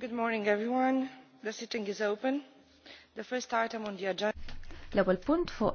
Good morning everyone. The sitting is open. The first item on the agenda. L-ewwel punt fuq